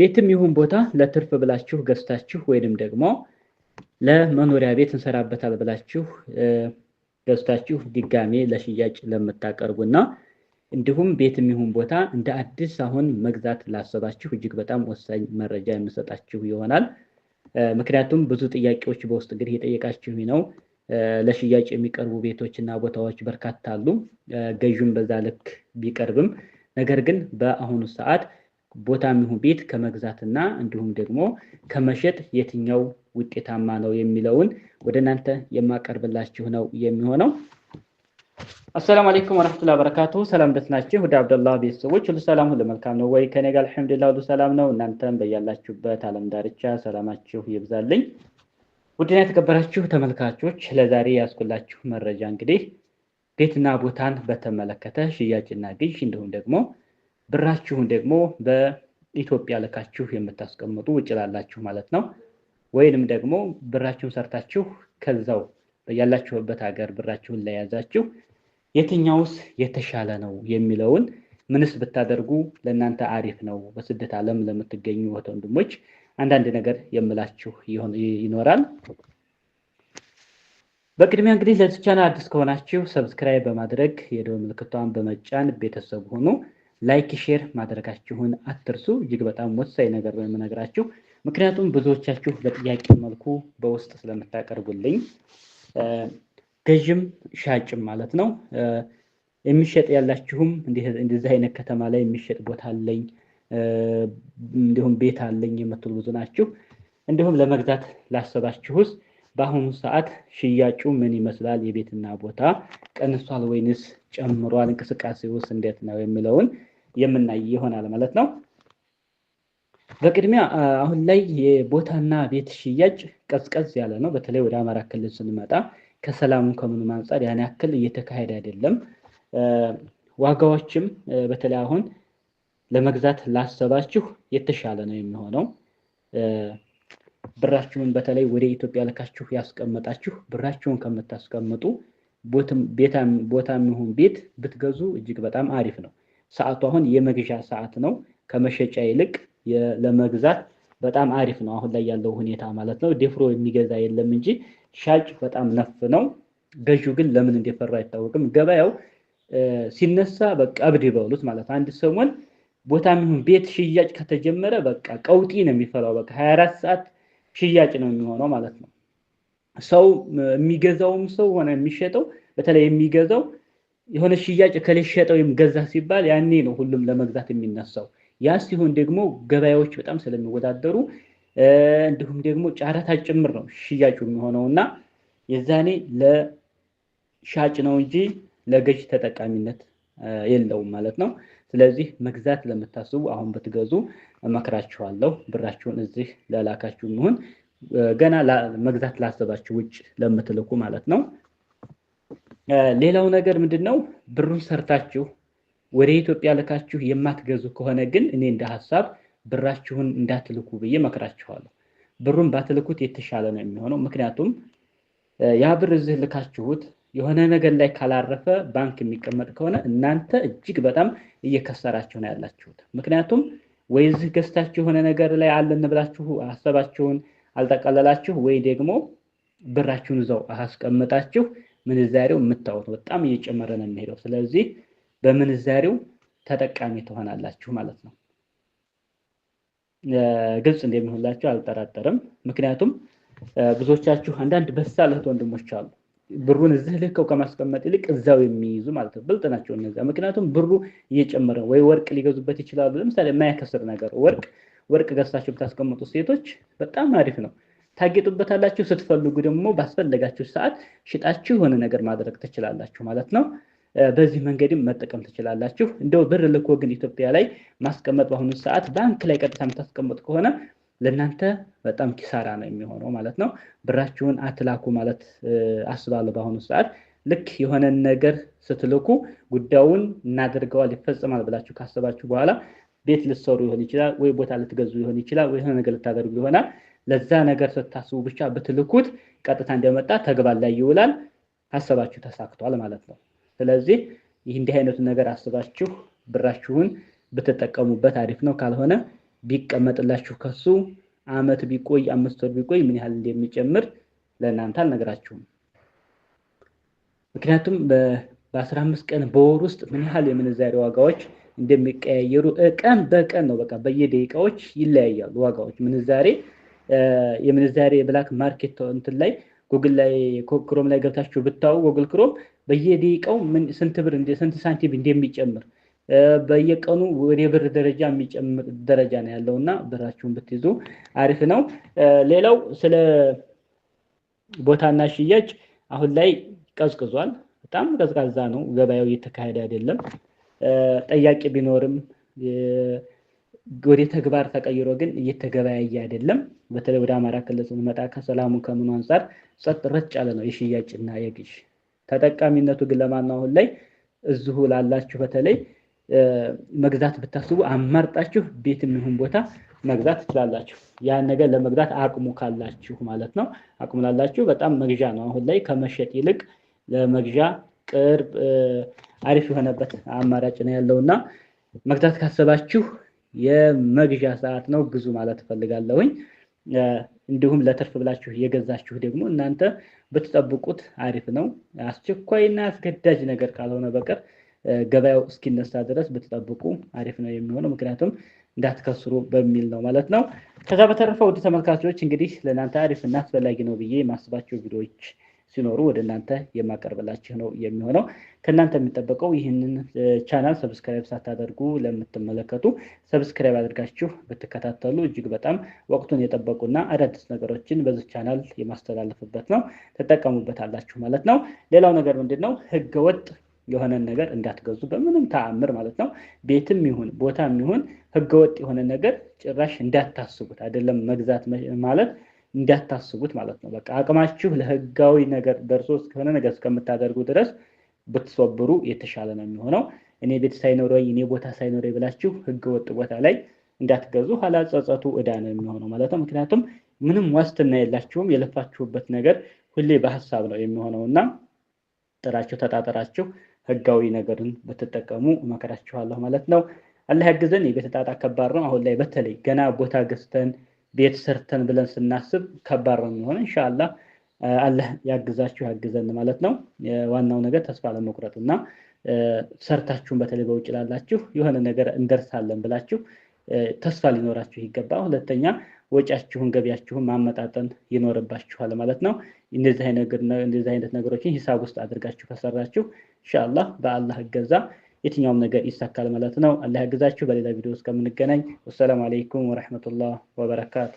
ቤትም ይሁን ቦታ ለትርፍ ብላችሁ ገዝታችሁ ወይንም ደግሞ ለመኖሪያ ቤት እንሰራበታል ብላችሁ ገዝታችሁ ድጋሜ ለሽያጭ ለምታቀርቡና እንዲሁም ቤትም ይሁን ቦታ እንደ አዲስ አሁን መግዛት ላሰባችሁ እጅግ በጣም ወሳኝ መረጃ የምሰጣችሁ ይሆናል። ምክንያቱም ብዙ ጥያቄዎች በውስጥ እንግዲህ የጠየቃችሁ ነው። ለሽያጭ የሚቀርቡ ቤቶች እና ቦታዎች በርካታ አሉ። ገዥም በዛ ልክ ቢቀርብም ነገር ግን በአሁኑ ሰዓት ቦታ ይሁን ቤት ከመግዛትና እንዲሁም ደግሞ ከመሸጥ የትኛው ውጤታማ ነው የሚለውን ወደ እናንተ የማቀርብላችሁ ነው የሚሆነው። አሰላሙ አለይኩም ወረህመቱላ በረካቱ። ሰላም ደስ ናችሁ? ወደ አብደላ ቤተሰቦች ሁሉ ሰላም ሁሉ መልካም ነው ወይ? ከኔ ጋር አልሐምዱላ ሁሉ ሰላም ነው። እናንተም በያላችሁበት አለም ዳርቻ ሰላማችሁ ይብዛልኝ። ውድና የተከበራችሁ ተመልካቾች ለዛሬ ያስኩላችሁ መረጃ እንግዲህ ቤትና ቦታን በተመለከተ ሽያጭና ግዥ እንዲሁም ደግሞ ብራችሁን ደግሞ በኢትዮጵያ ልካችሁ የምታስቀምጡ ውጭ ላላችሁ ማለት ነው። ወይንም ደግሞ ብራችሁን ሰርታችሁ ከዛው ያላችሁበት ሀገር ብራችሁን ለያዛችሁ የትኛውስ የተሻለ ነው የሚለውን ምንስ ብታደርጉ ለእናንተ አሪፍ ነው፣ በስደት ዓለም ለምትገኙ እህት ወንድሞች አንዳንድ ነገር የምላችሁ ይኖራል። በቅድሚያ እንግዲህ ለዚህ ቻናል አዲስ ከሆናችሁ ሰብስክራይብ በማድረግ የደወል ምልክቷን በመጫን ቤተሰብ ሆኑ። ላይክ ሼር ማድረጋችሁን አትርሱ። እጅግ በጣም ወሳኝ ነገር ነው የምነግራችሁ። ምክንያቱም ብዙዎቻችሁ በጥያቄ መልኩ በውስጥ ስለምታቀርቡልኝ ገዥም ሻጭም ማለት ነው የሚሸጥ ያላችሁም እንደዚህ አይነት ከተማ ላይ የሚሸጥ ቦታ አለኝ እንዲሁም ቤት አለኝ የምትሉ ብዙ ናችሁ። እንዲሁም ለመግዛት ላሰባችሁስ በአሁኑ ሰዓት ሽያጩ ምን ይመስላል? የቤትና ቦታ ቀንሷል ወይንስ ጨምሯል? እንቅስቃሴ ውስጥ እንዴት ነው የሚለውን የምናይ ይሆናል ማለት ነው። በቅድሚያ አሁን ላይ የቦታና ቤት ሽያጭ ቀዝቀዝ ያለ ነው። በተለይ ወደ አማራ ክልል ስንመጣ ከሰላሙ ከምኑ አንጻር ያን ያክል እየተካሄደ አይደለም። ዋጋዎችም በተለይ አሁን ለመግዛት ላሰባችሁ የተሻለ ነው የሚሆነው። ብራችሁን በተለይ ወደ ኢትዮጵያ ልካችሁ ያስቀመጣችሁ ብራችሁን ከምታስቀምጡ ቦታ የሚሆን ቤት ብትገዙ እጅግ በጣም አሪፍ ነው። ሰዓቱ አሁን የመግዣ ሰዓት ነው። ከመሸጫ ይልቅ ለመግዛት በጣም አሪፍ ነው አሁን ላይ ያለው ሁኔታ ማለት ነው። ደፍሮ የሚገዛ የለም እንጂ ሻጭ በጣም ነፍ ነው። ገዢው ግን ለምን እንደፈራ አይታወቅም። ገበያው ሲነሳ በቃ እብድ ይበሉት ማለት አንድ ሰሞን ቦታ የሚሆን ቤት ሽያጭ ከተጀመረ በቃ ቀውጢ ነው የሚፈራው። በቃ 24 ሰዓት ሽያጭ ነው የሚሆነው ማለት ነው። ሰው የሚገዛውም ሰው ሆነ የሚሸጠው በተለይ የሚገዛው የሆነ ሽያጭ ከሊሸጠው ወይም ገዛ ሲባል ያኔ ነው ሁሉም ለመግዛት የሚነሳው። ያ ሲሆን ደግሞ ገበያዎች በጣም ስለሚወዳደሩ እንዲሁም ደግሞ ጨረታ ጭምር ነው ሽያጩ የሚሆነው እና የዛኔ ለሻጭ ነው እንጂ ለገዥ ተጠቃሚነት የለውም ማለት ነው። ስለዚህ መግዛት ለምታስቡ አሁን ብትገዙ እመክራችኋለሁ። ብራችሁን እዚህ ለላካችሁ ይሁን ገና መግዛት ላሰባችሁ ውጭ ለምትልኩ ማለት ነው። ሌላው ነገር ምንድን ነው? ብሩን ሰርታችሁ ወደ ኢትዮጵያ ልካችሁ የማትገዙ ከሆነ ግን እኔ እንደ ሀሳብ ብራችሁን እንዳትልኩ ብዬ መክራችኋለሁ። ብሩን ባትልኩት የተሻለ ነው የሚሆነው። ምክንያቱም ያ ብር እዚህ ልካችሁት የሆነ ነገር ላይ ካላረፈ ባንክ የሚቀመጥ ከሆነ እናንተ እጅግ በጣም እየከሰራችሁ ነው ያላችሁት። ምክንያቱም ወይ እዚህ ገዝታችሁ የሆነ ነገር ላይ አለን ብላችሁ ሀሳባችሁን አልጠቀለላችሁ፣ ወይ ደግሞ ብራችሁን እዛው አስቀምጣችሁ ምንዛሬው የምታወት በጣም እየጨመረ ነው የሚሄደው። ስለዚህ በምንዛሬው ተጠቃሚ ትሆናላችሁ ማለት ነው። ግልጽ እንደሚሆንላችሁ አልጠራጠርም። ምክንያቱም ብዙዎቻችሁ አንዳንድ በሳለት ወንድሞች አሉ ብሩን እዚህ ልከው ከማስቀመጥ ይልቅ እዛው የሚይዙ ማለት ነው። ብልጥ ናቸው እነዚያ። ምክንያቱም ብሩ እየጨመረ ወይ ወርቅ ሊገዙበት ይችላሉ። ለምሳሌ የማያከስር ነገር ወርቅ ወርቅ ገዝታችሁ ብታስቀምጡ ሴቶች በጣም አሪፍ ነው። ታጌጡበታላችሁ። ስትፈልጉ ደግሞ ባስፈለጋችሁ ሰዓት ሽጣችሁ የሆነ ነገር ማድረግ ትችላላችሁ ማለት ነው። በዚህ መንገድም መጠቀም ትችላላችሁ። እንደው ብር ልኮ ግን ኢትዮጵያ ላይ ማስቀመጥ በአሁኑ ሰዓት ባንክ ላይ ቀጥታ የምታስቀምጥ ከሆነ ለእናንተ በጣም ኪሳራ ነው የሚሆነው ማለት ነው። ብራችሁን አትላኩ ማለት አስባለሁ። በአሁኑ ሰዓት ልክ የሆነን ነገር ስትልኩ ጉዳዩን እናደርገዋል ይፈጽማል ብላችሁ ካሰባችሁ በኋላ ቤት ልትሰሩ ሊሆን ይችላል፣ ወይ ቦታ ልትገዙ ሊሆን ይችላል፣ ወይ የሆነ ነገር ልታደርጉ ይሆናል። ለዛ ነገር ስታስቡ ብቻ ብትልኩት ቀጥታ እንደመጣ ተግባር ላይ ይውላል። አሰባችሁ ተሳክቷል ማለት ነው። ስለዚህ ይህ እንዲህ አይነቱን ነገር አስባችሁ ብራችሁን ብትጠቀሙበት አሪፍ ነው። ካልሆነ ቢቀመጥላችሁ ከሱ አመት ቢቆይ አምስት ወር ቢቆይ ምን ያህል እንደሚጨምር ለእናንተ አልነግራችሁም። ምክንያቱም በአስራ አምስት ቀን በወር ውስጥ ምን ያህል የምንዛሬ ዋጋዎች እንደሚቀያየሩ ቀን በቀን ነው። በቃ በየደቂቃዎች ይለያያሉ ዋጋዎች ምንዛሬ የምንዛሬ ብላክ ማርኬት እንትን ላይ ጉግል ላይ ክሮም ላይ ገብታችሁ ብታዩ ጉግል ክሮም በየደቂቃው ስንት ብር ስንት ሳንቲም እንደሚጨምር በየቀኑ ወደ ብር ደረጃ የሚጨምር ደረጃ ነው ያለው እና ብራችሁን ብትይዙ አሪፍ ነው። ሌላው ስለ ቦታና ሽያጭ አሁን ላይ ቀዝቅዟል። በጣም ቀዝቃዛ ነው ገበያው፣ እየተካሄደ አይደለም። ጠያቂ ቢኖርም ወደ ተግባር ተቀይሮ ግን እየተገበያየ አይደለም። በተለይ ወደ አማራ ክልል ስንመጣ ከሰላሙ ከምኑ አንጻር ጸጥ ረጭ ያለ ነው የሽያጭና የግዥ ተጠቃሚነቱ ግን ለማን አሁን ላይ እዚሁ ላላችሁ በተለይ መግዛት ብታስቡ አማርጣችሁ ቤት የሚሆን ቦታ መግዛት ትችላላችሁ። ያን ነገር ለመግዛት አቅሙ ካላችሁ ማለት ነው። አቅሙ ላላችሁ በጣም መግዣ ነው። አሁን ላይ ከመሸጥ ይልቅ ለመግዣ ቅርብ አሪፍ የሆነበት አማራጭ ነው ያለው እና መግዛት ካሰባችሁ የመግዣ ሰዓት ነው ግዙ ማለት እፈልጋለሁኝ። እንዲሁም ለትርፍ ብላችሁ የገዛችሁ ደግሞ እናንተ ብትጠብቁት አሪፍ ነው። አስቸኳይና አስገዳጅ ነገር ካልሆነ በቀር ገበያው እስኪነሳ ድረስ ብትጠብቁ አሪፍ ነው የሚሆነው። ምክንያቱም እንዳትከስሩ በሚል ነው ማለት ነው። ከዛ በተረፈ ውድ ተመልካቾች እንግዲህ ለእናንተ አሪፍ እና አስፈላጊ ነው ብዬ የማስባቸው ቪዲዮዎች ሲኖሩ ወደ እናንተ የማቀርብላችሁ ነው የሚሆነው። ከእናንተ የሚጠበቀው ይህንን ቻናል ሰብስክራይብ ሳታደርጉ ለምትመለከቱ ሰብስክራይብ አድርጋችሁ ብትከታተሉ እጅግ በጣም ወቅቱን የጠበቁና አዳዲስ ነገሮችን በዚህ ቻናል የማስተላለፍበት ነው። ትጠቀሙበታላችሁ ማለት ነው። ሌላው ነገር ምንድን ነው? ህገወጥ የሆነን ነገር እንዳትገዙ በምንም ተአምር ማለት ነው። ቤትም ይሁን ቦታም ይሁን ህገወጥ የሆነ ነገር ጭራሽ እንዳታስቡት፣ አይደለም መግዛት ማለት እንዳታስቡት ማለት ነው። በቃ አቅማችሁ ለህጋዊ ነገር ደርሶ እስከሆነ ነገር እስከምታደርጉ ድረስ ብትሰብሩ የተሻለ ነው የሚሆነው። እኔ ቤት ሳይኖረኝ እኔ ቦታ ሳይኖረኝ ብላችሁ ህገወጥ ቦታ ላይ እንዳትገዙ፣ ኋላ ጸጸቱ እዳ ነው የሚሆነው ማለት ነው። ምክንያቱም ምንም ዋስትና የላችሁም። የለፋችሁበት ነገር ሁሌ በሀሳብ ነው የሚሆነው እና ጥራችሁ ተጣጥራችሁ ህጋዊ ነገርን ብትጠቀሙ እመክራችኋለሁ ማለት ነው። አላህ ያግዘን። የቤት ጣጣ ከባድ ነው። አሁን ላይ በተለይ ገና ቦታ ገዝተን ቤት ሰርተን ብለን ስናስብ ከባድ ነው የሚሆን። እንሻላ አላህ ያግዛችሁ ያግዘን ማለት ነው። ዋናው ነገር ተስፋ ለመቁረጥ እና ሰርታችሁን በተለይ በውጭ ላላችሁ የሆነ ነገር እንደርሳለን ብላችሁ ተስፋ ሊኖራችሁ ይገባል። ሁለተኛ ወጪያችሁን ገቢያችሁን ማመጣጠን ይኖርባችኋል ማለት ነው። እንደዚህ አይነት ነገሮችን ሂሳብ ውስጥ አድርጋችሁ ከሰራችሁ ኢንሻአላህ በአላህ እገዛ የትኛውም ነገር ይሳካል ማለት ነው። አላህ ያግዛችሁ። በሌላ ቪዲዮ እስከምንገናኝ ወሰላሙ አለይኩም ወረሕመቱላህ ወበረካቱ።